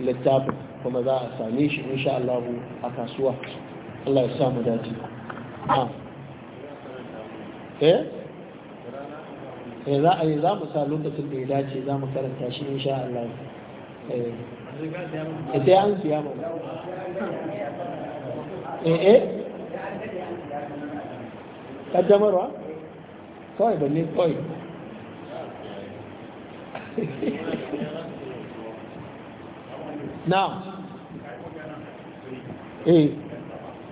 littafin kuma za a same shi insha Allah a kasuwa Allah ya sa mu dace eh? eh za a yi za mu sa lokacin da ya dace za mu karanta shi insha Allah eh sai an siya mana eh eh kaddamarwa Kawai balle kawai. não Eh.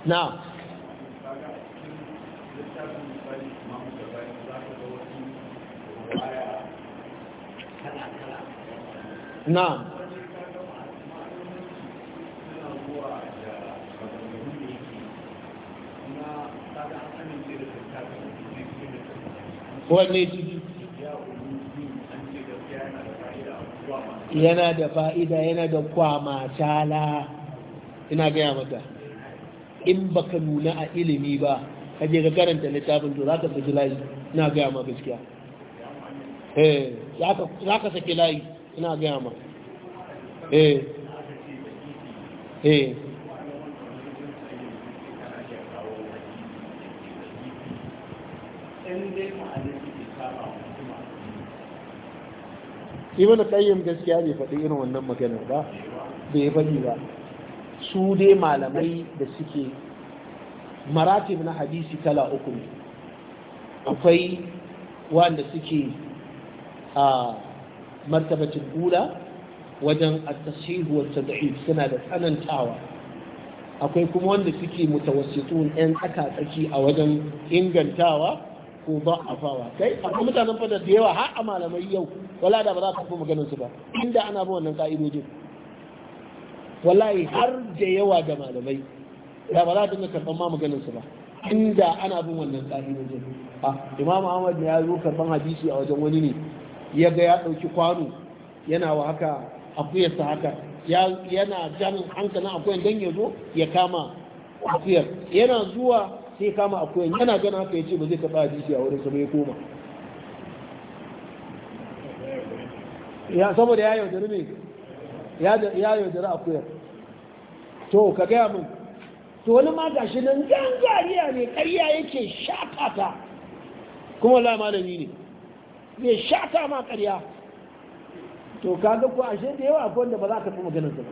não não wanne yana da fa'ida yana da kwama tala ina gaya mata in baka nuna a ilimi ba kaje ka karanta littafin to za ka saki layi ina gaya ma gaskiya eh za ka saki layi ina gaya ma eh eh in dai ibn qayyim gaskiya bai faɗi irin wannan maganar ba bai faɗi ba su dai malamai da suke maratib na hadisi kala uku akwai wanda suke a martabacin wajen at-tashihu wa tad'if suna da tsanantawa akwai kuma wanda suke mutawassitun yan tsaka tsaki a wajen ingantawa ko da'afawa kai akwai mutanen fada da yawa har a malamai yau wala da ba za ka fi maganin su ba inda ana bin wannan ka'idojin wallahi har da yawa da malamai da ba za ta karban ma maganin su ba inda ana bin wannan ka'idojin a imam ahmad ya zo karɓar hadisi a wajen wani ne ya ga ya ɗauki kwano yana wa haka akuyarsa haka yana jan hankalin akwai dan ya zo ya kama akuyar yana zuwa sai kama akuyan yana gana haka ya ce ba zai taɓa shi a wurin sa ya koma ya saboda ya yaudari ne ya yaudari akuyan to ka gaya min to wani ma gashi nan gangariya ne ƙarya yake shata ta kuma la malami ne zai shata ma ƙarya to kaga ko ashe da yawa akwai wanda ba za ka fi su ba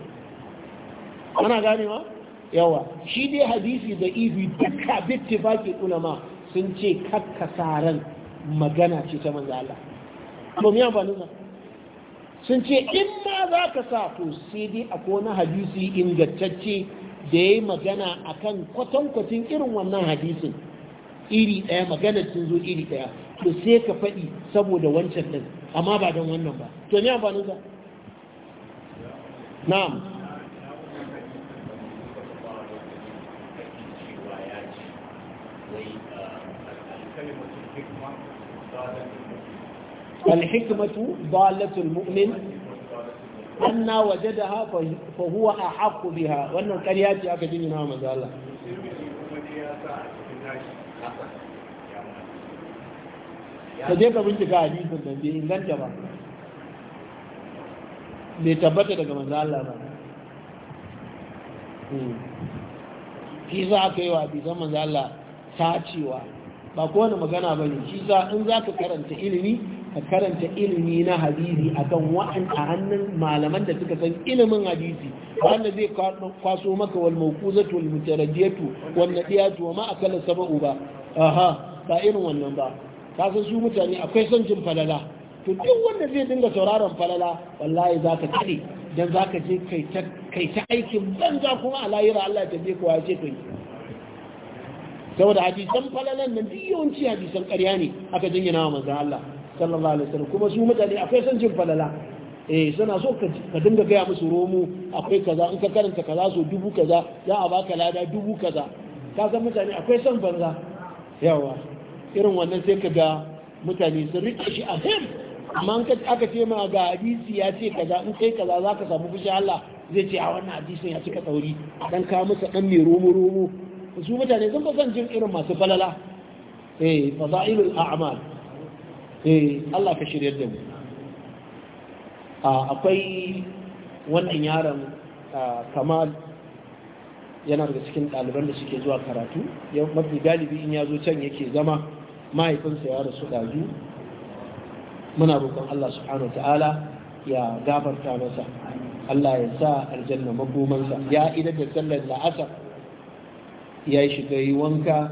ana ganewa yawa shi dai hadisi da ibi duka ke ulama sun ce kakkasaran magana ce ta manzo Allah to me ba sa sun ce in ma za ka sa to sai dai akwai wani hadisi ingantacce da yayi magana akan kwatankwacin irin wannan hadisin iri ɗaya magana sun zo iri ɗaya to sai ka faɗi saboda wancan ɗin amma ba don wannan ba to amfanin nuna na'am الحكمة ضالة المؤمن أن وجدها فهو أحق بها وأن القريات يأكدين منها ما زال الله فجيك بنتك حديث النبي إن لن جبا لتبتك ما زال الله في ذاك يوابي كما زال الله Ta cewa ba kowane magana ba ne shi za in za ka karanta ilimi ka karanta ilimi na hadisi akan wa'an a hannun malaman da suka san ilimin hadisi wanda zai kwaso maka wal mawquzatu wal mutarajjiyatu wal nadiyatu wa ma akala sab'u ba aha ba irin wannan ba ka san su mutane akwai son jin falala to duk wanda zai dinga sauraron falala wallahi za ka kade dan ka je kai ta aikin banza kuma a lahira Allah ya tabe kowa ya ce kai saboda hadisan falalan nan duk yawanci hadisan ƙarya ne aka jingina wa manzon Allah sallallahu alaihi wasallam kuma su mutane akwai son jin falala eh suna so ka dinga gaya musu romo akwai kaza in ka karanta kaza so dubu kaza za a baka lada dubu kaza ka san mutane akwai son banza yawa irin wannan sai ka ga mutane sun rike shi a fim amma aka ce ma ga hadisi ya ce kaza in kai kaza za ka samu fushi Allah zai ce a wannan hadisin ya cika tsauri dan ka musu dan mai romo romo su mutane sun fi son jin irin masu falala eh fasailul a'mal eh Allah ka shiryar da mu akwai wannan yaron kamal yana daga cikin ɗaliban da suke zuwa karatu mafi galibi in ya zo can yake zama mahaifinsa ya rasu ɗazu muna roƙon Allah subhanahu ta'ala ya gafarta masa Allah ya sa aljanna magomansa. ya idar da sallar la'asar ya shiga yi wanka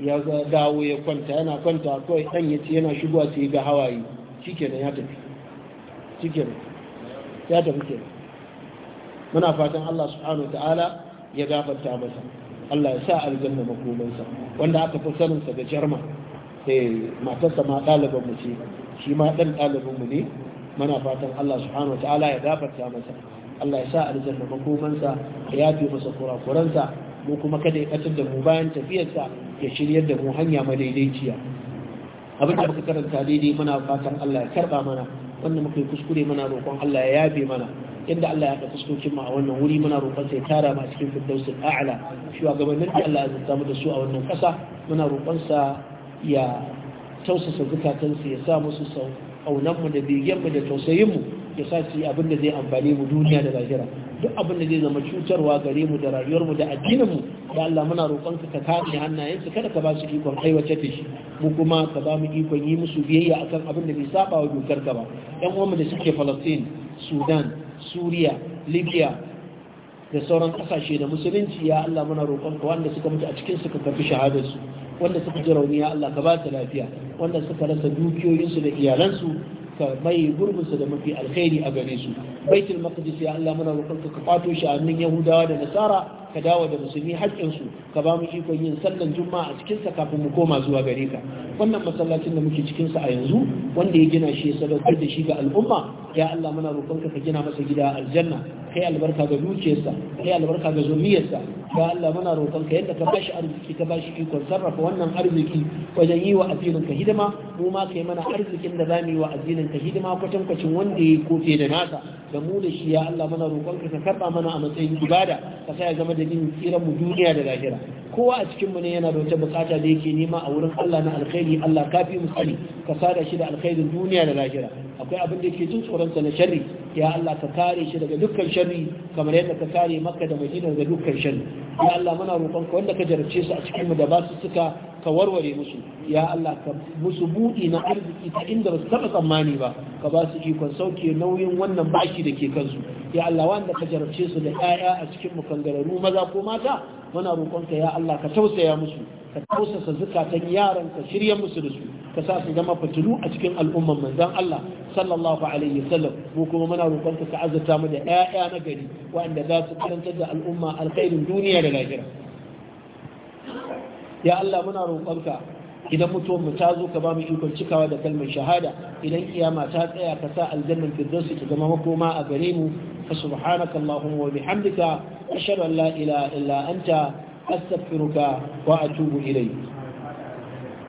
ya dawo ya kwanta yana kwanta kawai ɗan ya ce yana shigowa sai ga hawaye shikenan ya tafi shikenan ya tafi kenan muna fatan Allah subhanahu ta'ala ya gafarta masa Allah ya sa aljanna makomansa wanda aka fi sanin sa da jarma eh matarsa ma ɗaliban mu ce shi ma ɗan ɗaliban mu ne muna fatan Allah subhanahu ta'ala ya gafarta masa Allah ya sa aljanna makomansa ya yafe masa kurakuransa mu kuma kada ya ɓatar da mu bayan tafiyarsa ya shiryar da mu hanya madaidaiciya abin da muka karanta daidai muna fatan Allah ya karba mana wanda muka yi kuskure muna roƙon Allah ya yafe mana yadda Allah ya haɗa fuskokin mu a wannan wuri muna roƙon ya tara mu a cikin firdausul a'la shugabannin da Allah ya zanta mu da su a wannan ƙasa muna roƙon sa ya tausasa zukatansu ya sa musu sau mu da bigenmu da tausayinmu ya sa su yi abin da zai amfani mu duniya da lahira duk abin da zai zama cutarwa gare mu da rayuwar mu da addinin mu da Allah muna roƙonka ka kame hannayen kada ka ba su ikon aiwatar da shi mu kuma ka ba mu ikon yi musu biyayya akan abin da bai saba wa dokar ka ba ƴan uwanmu da suke Palestine Sudan Suriya Libya da sauran ƙasashe da musulunci ya Allah muna roƙonka wanda suka mutu a cikin suka kafi shahadar wanda suka ji rauni ya Allah ka ba su lafiya wanda suka rasa dukiyoyinsu da iyalansu ka mai gurbinsa da mafi alkhairi a gare su baitul maqdis ya Allah mana roƙon ka kwato shi a hannun yahudawa da nasara ka dawo da musulmi haƙƙinsu ka ba mu ikon yin sallan juma'a a cikinsa kafin mu koma zuwa gare ka wannan masallacin da muke cikinsa a yanzu wanda ya gina shi ya sadaukar da shi ga al'umma ya Allah muna roƙonka ka gina masa gida aljanna kai albarka ga dukiyarsa kai albarka ga zuriyarsa ya Allah muna roƙonka yadda ka bashi arziki ka bashi ikon sarrafa wannan arziki wajen yi wa addinin hidima mu ma kai mana arzikin da zamu yi wa addinin ka hidima kwatankwacin wanda ya kofe da nasa da mu da shi ya Allah muna roƙonka ka karɓa mana a matsayin ibada ka sa ya zama da dalilin tsiran mu duniya da lahira kowa a cikinmu ne yana da wata bukata da yake nema a wurin Allah na alkhairi Allah kafi mu sani ka sada shi da alkhairin duniya da lahira akwai abin da yake jin tsoronsa na sharri ya Allah ka kare shi daga dukkan sharri kamar yadda ka kare Makka da Madina daga dukkan sharri ya Allah muna roƙon ka wanda ka jarabce su a cikinmu da ba su suka ka warware musu ya Allah ka musu buɗi na arziki ta inda ba su taɓa tsammani ba ka ba su ikon sauke nauyin wannan baki da ke kansu ya Allah wanda ka jarabce su da 'ya'ya a cikin mu kangararu maza ko mata muna roƙonka ya Allah ka tausaya musu ka tausasa zukatan yaran ka shirya musu da su ka sa su zama fitilu a cikin al'umman manzon Allah sallallahu alaihi wasallam mu kuma muna roƙonka ka azurta mu da ƴaƴa na gari waɗanda za su karantar da al'umma alkhairin duniya da lahira ya Allah muna roƙonka idan mutuwar mu ta zo ka ba mu ikon cikawa da kalmar shahada idan kiyama ta tsaya ka sa aljannan firdaus ta zama makoma a gare mu fa subhanaka allahumma wa bihamdika ashhadu an la ilaha illa anta astaghfiruka wa atubu ilayk